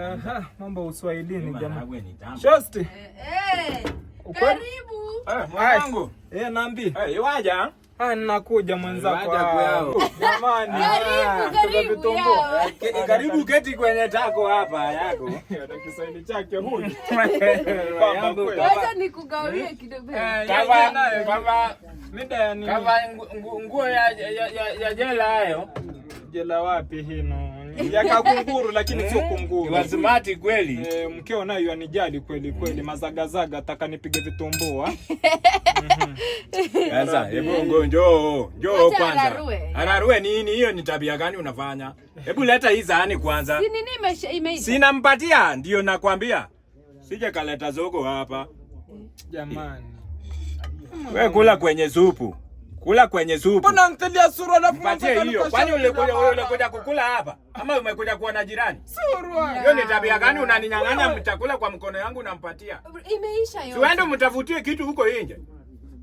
Aha, mambo ya Uswahilini jamani. Shosti. Eh, eh. karibu. Eh, mwanangu. Eh, naambi. Eh, iwaja? Ah? ah, ninakuja mwenzako. Ah, jamani. Karibu, ah, karibu. Karibu keti kwenye tako hapa yako. Na Kiswahili chake huyu. Wacha nikugawie eh, kidogo. Baba, eh, kama mida ya nini? Kama nguo ya ya jela hayo. Jela wapi hino? yaka kunguru lakini sio eh? kunguru. Wazimati kweli. E, mkeo naye yanijali kweli kweli, mazagazaga taka nipige vitumbua. Mhm. Sasa hebu ngo njoo njoo kwanza. Ararue nini hiyo? Ni tabia gani unafanya? Hebu leta hii zani kwanza. Si nini imeiza? Sinampatia, ndio nakwambia. Sije kaleta zogo hapa. Jamani. Wewe kula kwenye supu. Kula kwenye supu. Mbona ntilia sura na kwani ule kwenye ule kwenye kukula hapa? Ama umekuja kuwa na jirani? Surwa. Hiyo ni tabia gani unaninyang'anya chakula kwa mkono yangu unampatia? Imeisha yote. Siwende mtafutie kitu huko nje.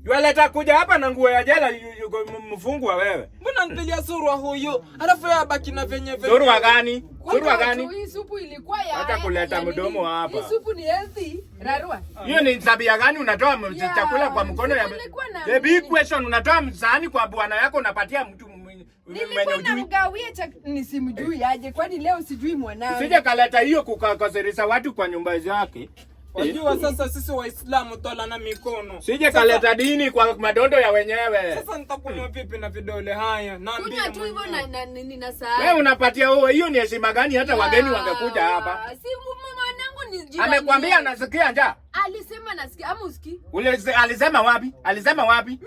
Waleta kuja hapa na nguo ya jela yuko mfungwa wewe. Mbona mpigia surwa huyu? Alafu yeye abaki na venye venye. Surwa gani? Surwa gani? Hii supu ilikuwa ya. Hata kuleta yaani mdomo hapa. Hii supu ni healthy. Rarua. Hiyo ni tabia gani unatoa chakula kwa mkono ya? The big question unatoa mzani kwa bwana yako unapatia mtu Nilikuwa namgawia cha nisimjui aje, kwani leo sijui mwanao. Sije kaleta hiyo kukakasirisha watu kwa nyumba zake. Wajua sasa sisi Waislamu twalana mikono. Sije kaleta dini kwa madondo ya wenyewe. Sasa nitakunywa vipi na vidole haya? Naambia tu hivyo na nini na saa. Wewe unapatia wewe hiyo ni heshima gani hata wageni wangekuja hapa? Si mama Amekwambia nasikia njaa. Alisema nasikia ama usikii? Ule alisema wapi? Alisema wapi?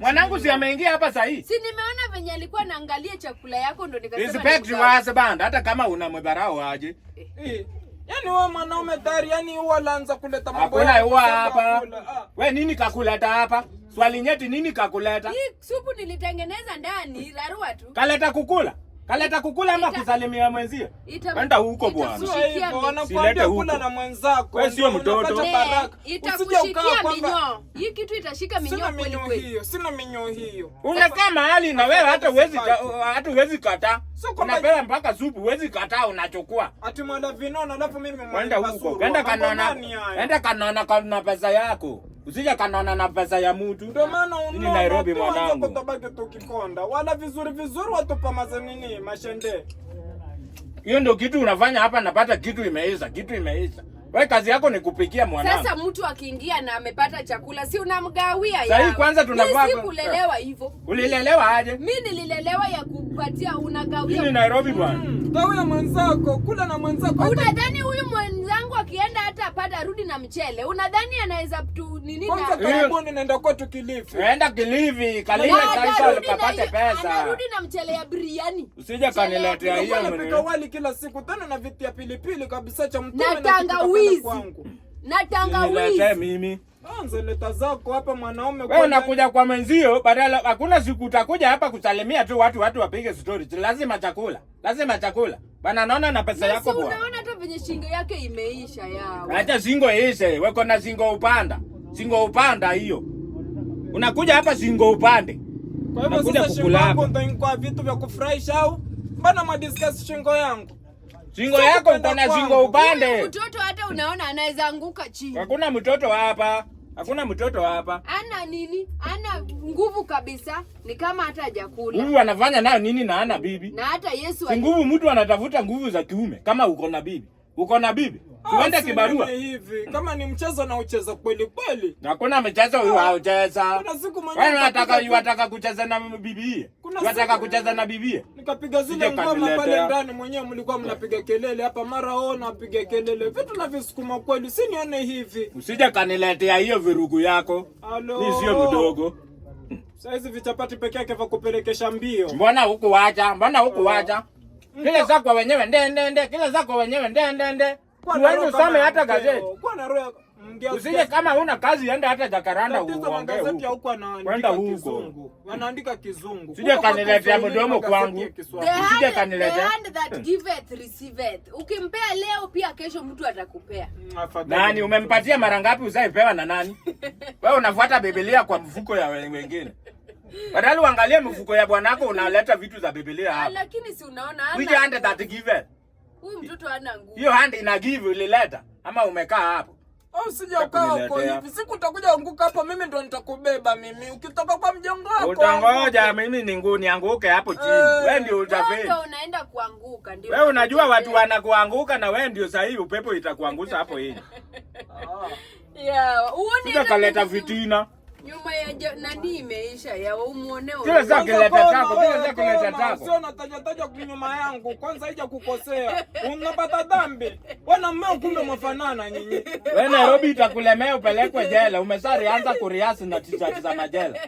Mwanangu si ameingia hapa sasa hii. Si nimeona venye alikuwa anaangalia chakula yako ndo nikasema. Respect your husband hata kama unambarao aje. Eh. Yaani wewe mwanaume tayari yani huwa laanza kuleta mambo yako. Hakuna hapa. Ah. Wewe nini kakuleta hapa? Swali nyeti nini kakuleta? Hii supu nilitengeneza ndani, dharura tu. Kaleta kukula. Kaleta kukula ama kusalimia mwenzio? Kwenda huko bwana. Sio hivyo, Wanakuambia kula na mwenzako. Wewe sio mtoto. Eh, Usije ukawa kwamba hii kitu itashika minyoo kweli kweli. Sina minyoo hiyo. Sina hiyo. Unakaa mahali na wewe hata uwezi hata uwezi kataa. Unapewa mpaka supu uwezi kata unachukua. Ati mwana vinona alafu mimi mwana. Kwenda huko. Kwenda kanona. Kwenda kanona kwa pesa yako. Usija kanona na pesa ya mtu. Ndio maana unaona Nairobi mwanangu, Tutabaki tukikonda wala vizuri vizuri watupa mazenini mashende. Hiyo ndio kitu unafanya hapa, napata kitu imeisha, kitu imeisha. Wewe kazi yako ni kupikia mwanangu. Sasa mtu akiingia na amepata chakula si unamgawia yeye. Sasa kwanza tunavaa. Mimi sikulelewa hivyo. Ulilelewa aje? Mimi nililelewa ya kupatia unagawia. Mimi ni Nairobi bwana. Gawa mm. mwanzako, kula na mwanzako. Unadhani huyu mwanzangu akienda hata apata rudi na mchele? Unadhani anaweza tu nini na? Kwanza karibuni naenda tu Kilifi. Naenda Kilifi, kalime kaisa kapate pesa. Anarudi na mchele ya biriani. Usije kaniletea hiyo. Napika wali kila siku tena na vitu ya pilipili kabisa cha mtume na tangawizi tangawizi Wewe unakuja kwa mwenzio badala, hakuna siku utakuja hapa kusalimia tu watu, watu wapige story. Lazima chakula, lazima chakula bana. Naona na pesa yako bwana, unaona hata venye shingo yake imeisha yao. Acha shingo ishe, weko na shingo upanda, shingo upanda hiyo. Unakuja hapa shingo upande, kwa hivyo sasa shingo yako ndio vitu vya kufurahisha au bana, madiscuss shingo yangu Shingo yako uko na shingo upande. Mtoto hata unaona anaweza anguka chini. Hakuna mtoto hapa. Hakuna mtoto hapa. Ana nini? Ana nguvu kabisa. Ni kama hata hajakula. Huyu anafanya nayo nini na ana bibi? Na hata Yesu. Si nguvu mtu anatafuta nguvu za kiume kama uko na bibi. Uko na bibi? Ah, Tuende kibarua. Hivi kama ni mchezo na ucheza kweli kweli. na kuna mchezo huyo ah, haucheza. Kuna siku mwana. Wewe unataka unataka kucheza na bibi? Unataka kucheza na bibi? Nikapiga zile ngoma pale ndani mwenyewe mlikuwa mnapiga kelele hapa mara wao napiga kelele. Vitu na visukuma kweli. Si nione hivi. Usije kaniletea hiyo virugu yako. ni sio mdogo. Sasa hizi vichapati peke yake vya kupelekesha mbio. Mbona huku waja? Mbona huku waja? kile zako wenyewe nde nde nde, kile zako wenyewe nde nde nde. Uende usome hata gazeti Kwa na roho mngia. usije, kama una kazi enda hata Jakaranda uongee huko, kwenda huko wanaandika Kizungu, usije kaniletea mdomo kwangu, usije kaniletea. that Ukimpea leo pia kesho mtu atakupea. Mm, nani umempatia mara ngapi? Uzaipewa na nani? Wewe unafuata Biblia kwa mfuko ya wengine. Badala uangalie mifuko ya bwanako unaleta vitu za Biblia ah, hapa. Lakini si unaona ana. Which hand that given? Huyu mtoto hana nguvu. Hiyo hand ina give ile letter ama umekaa hapo? Au oh, sija kaa hapo hivi. Siku utakuja anguka hapo mimi ndo nitakubeba mimi. Ukitoka kwa mjongo wako. Utangoja mimi ni nguni nianguke hapo chini. Eh. wewe ndio utafeli. Wewe unaenda kuanguka ndio. Wewe unajua watu wanakuanguka na wewe ndio sahihi upepo itakuangusha hapo hivi. Ah. Yeah, uone. Sasa kaleta vitina nyuma ya nani imeisha ya umuoneo kile zake leta tako kile zake leta tako, sio nataja taja kwa nyuma yangu. Kwanza haija kukosea, unapata dhambi wana mmeo, kumbe mwafanana nyinyi. Wewe Nairobi itakulemea upelekwe jela. Umeshaanza kuriasi na tisha za majela,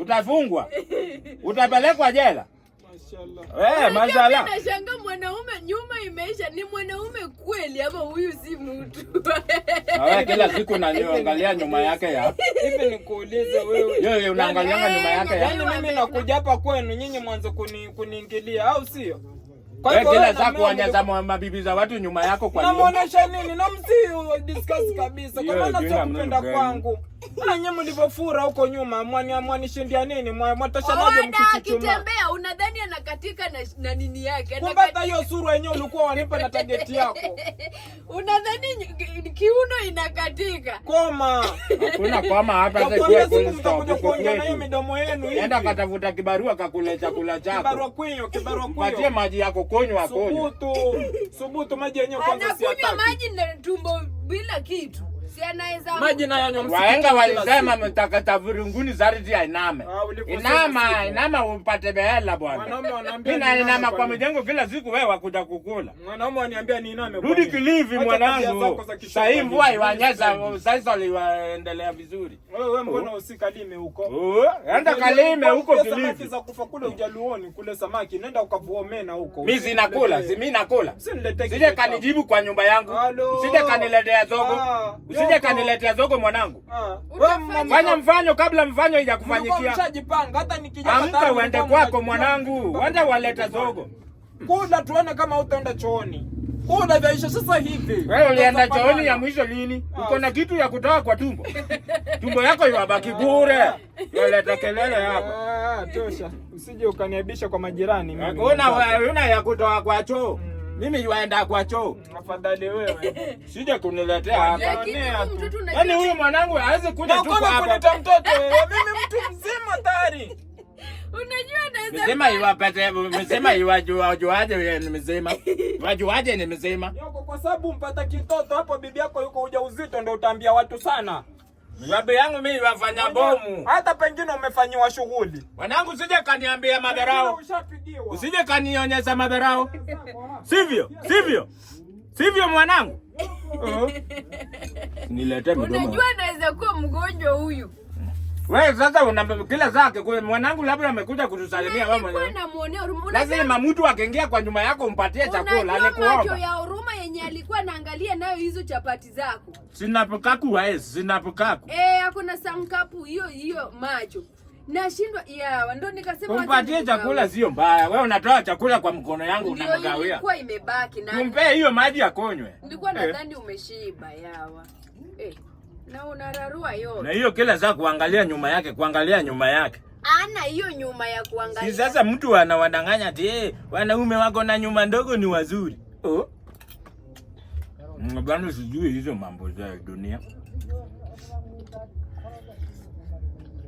utafungwa utapelekwa jela. Eh, mashallah. Nashangaa mwanaume nyuma imeisha, ni mwanaume kweli ama huyu si mtu? Ah, kila siku nanioangalia nyuma yake ya. Hivi nikuulize wewe. Yeye unaangalia eh, nyuma yake ya. Yaani mimi nakuja hapa kwenu nyinyi mwanzo kuni kuniingilia au sio? Kwa hivyo kila saa kuonyesha mabibi za watu nyuma yako kwa nini? Namuonesha nini? Na msi discuss kabisa. Kwa maana sio kupenda kwangu. Na nyinyi mlivofura huko nyuma, mwani mwanishindia nini? Mwatashandaje mkichuchuma? Akitembea unadhani anakatika na, na nini yake. Kumbe hata hiyo suru yenyewe ulikuwa wanipa na target yako. Unadhani kiuno inakatika. Koma. Hakuna koma hapa sasa kwa kweli mtakuja kuongea na hiyo midomo yenu hii. Enda katafuta kibarua kakule chakula chako. Kibarua kwinyo, kibarua kwinyo. Patie maji yako konywa konywa. Subutu. Subutu maji yenyewe kwanza si ataki. Anakunywa maji na tumbo bila kitu. Wahenga walisema mtakata virunguni zariti ya iname. Ah, inama, inama upate behela bwana. Mimi na inama kwa mjengo kila siku wewe wakuja kukula. Mwanaume aniambia ni iname Rudi kilivi mwanangu. Sasa hivi mvua iwanyesha, sasa liwaendelea vizuri. Wewe mbona oh. usikalime huko? Oh, enda kalime huko kilivi. Samaki kufa kule ujaluoni kule samaki, nenda huko. Mimi mimi nakula. Sije kanijibu kwa nyumba yangu. Sije kaniletea zogo. Ah, Asije kaniletea zogo mwanangu. Ah. Fanya mfanyo kabla mfanyo haijakufanyikia. Amka uende kwako mwanangu. Wende waleta zogo. Kula tuone kama utaenda chooni. Kula vyaisha sasa hivi. Wewe ulienda chooni ya mwisho lini? Ah. Uko na kitu ya kutoa kwa tumbo. Tumbo yako iwabaki bure. Waleta kelele hapa. Tosha. Ah, usije ukaniabisha kwa majirani mimi. Una ya kutoa kwa choo. Mm. Mimi yuaenda kwa choo. Afadhali wewe. Sije kuniletea hapa. Yaani huyu mwanangu hawezi kuja tu hapa. kuleta mtoto. Mimi mtu mzima tayari. Unajua naweza. Mzima iwapate, mzima wewe ni mzima. Wajuaje ni mzima. Yoko kwa sababu mpata kitoto hapo bibi yako yuko ujauzito ndio utaambia watu sana. Babu yangu mimi wafanya bomu. Hata pengine umefanyiwa shughuli. Wanangu usije kaniambia madharau. Usije kanionyesha madharau. Sivyo? Sivyo? Sivyo mwanangu? Uh-huh. Nilete mdomo. Unajua anaweza kuwa mgonjwa huyu. Wewe sasa una kila zake kwa mwanangu labda amekuja kutusalimia wewe mwenyewe. Lazima mtu akiingia kwa nyuma yako umpatie chakula, anakuomba alikuwa anaangalia nayo hizo chapati zako. Sinapokaku wae, sinapokaku. Eh, hakuna samkapu hiyo hiyo macho. Nashindwa ya ndo nikasema kumpatie chakula sio mbaya. Wewe unatoa chakula kwa mkono yangu unamgawia. Ilikuwa imebaki na. Umpe hiyo maji akonywe. Nilikuwa eh. nadhani eh, umeshiba yawa. Eh. Na unararua yote. Na hiyo kila saa kuangalia nyuma yake, kuangalia nyuma yake. Ana hiyo nyuma ya kuangalia. Si sasa mtu anawadanganya ati eh, wanaume wako na nyuma ndogo ni wazuri. Oh bado sijui hizo mambo za dunia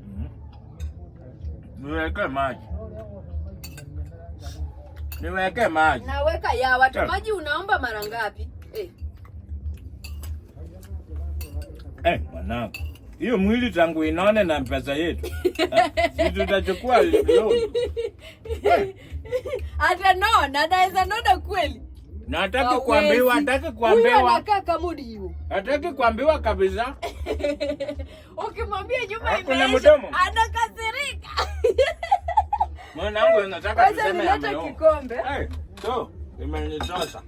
hmm? niweke maji niweke maji naweka ya watu maji unaomba mara ngapi eh? Eh, mwanangu hiyo mwili tangu inaone na mpesa yetu Sisi tutachukua hata nona naweza nona kweli na hataki kuambiwa, hataki kuambiwa. Anakaa kama ndio. Hataki kuambiwa kabisa. Ukimwambia nyumba imeisha, anakasirika. Mwanangu anataka tuseme. Kikombe. Eh, so, imenitosha.